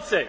przewodniczący!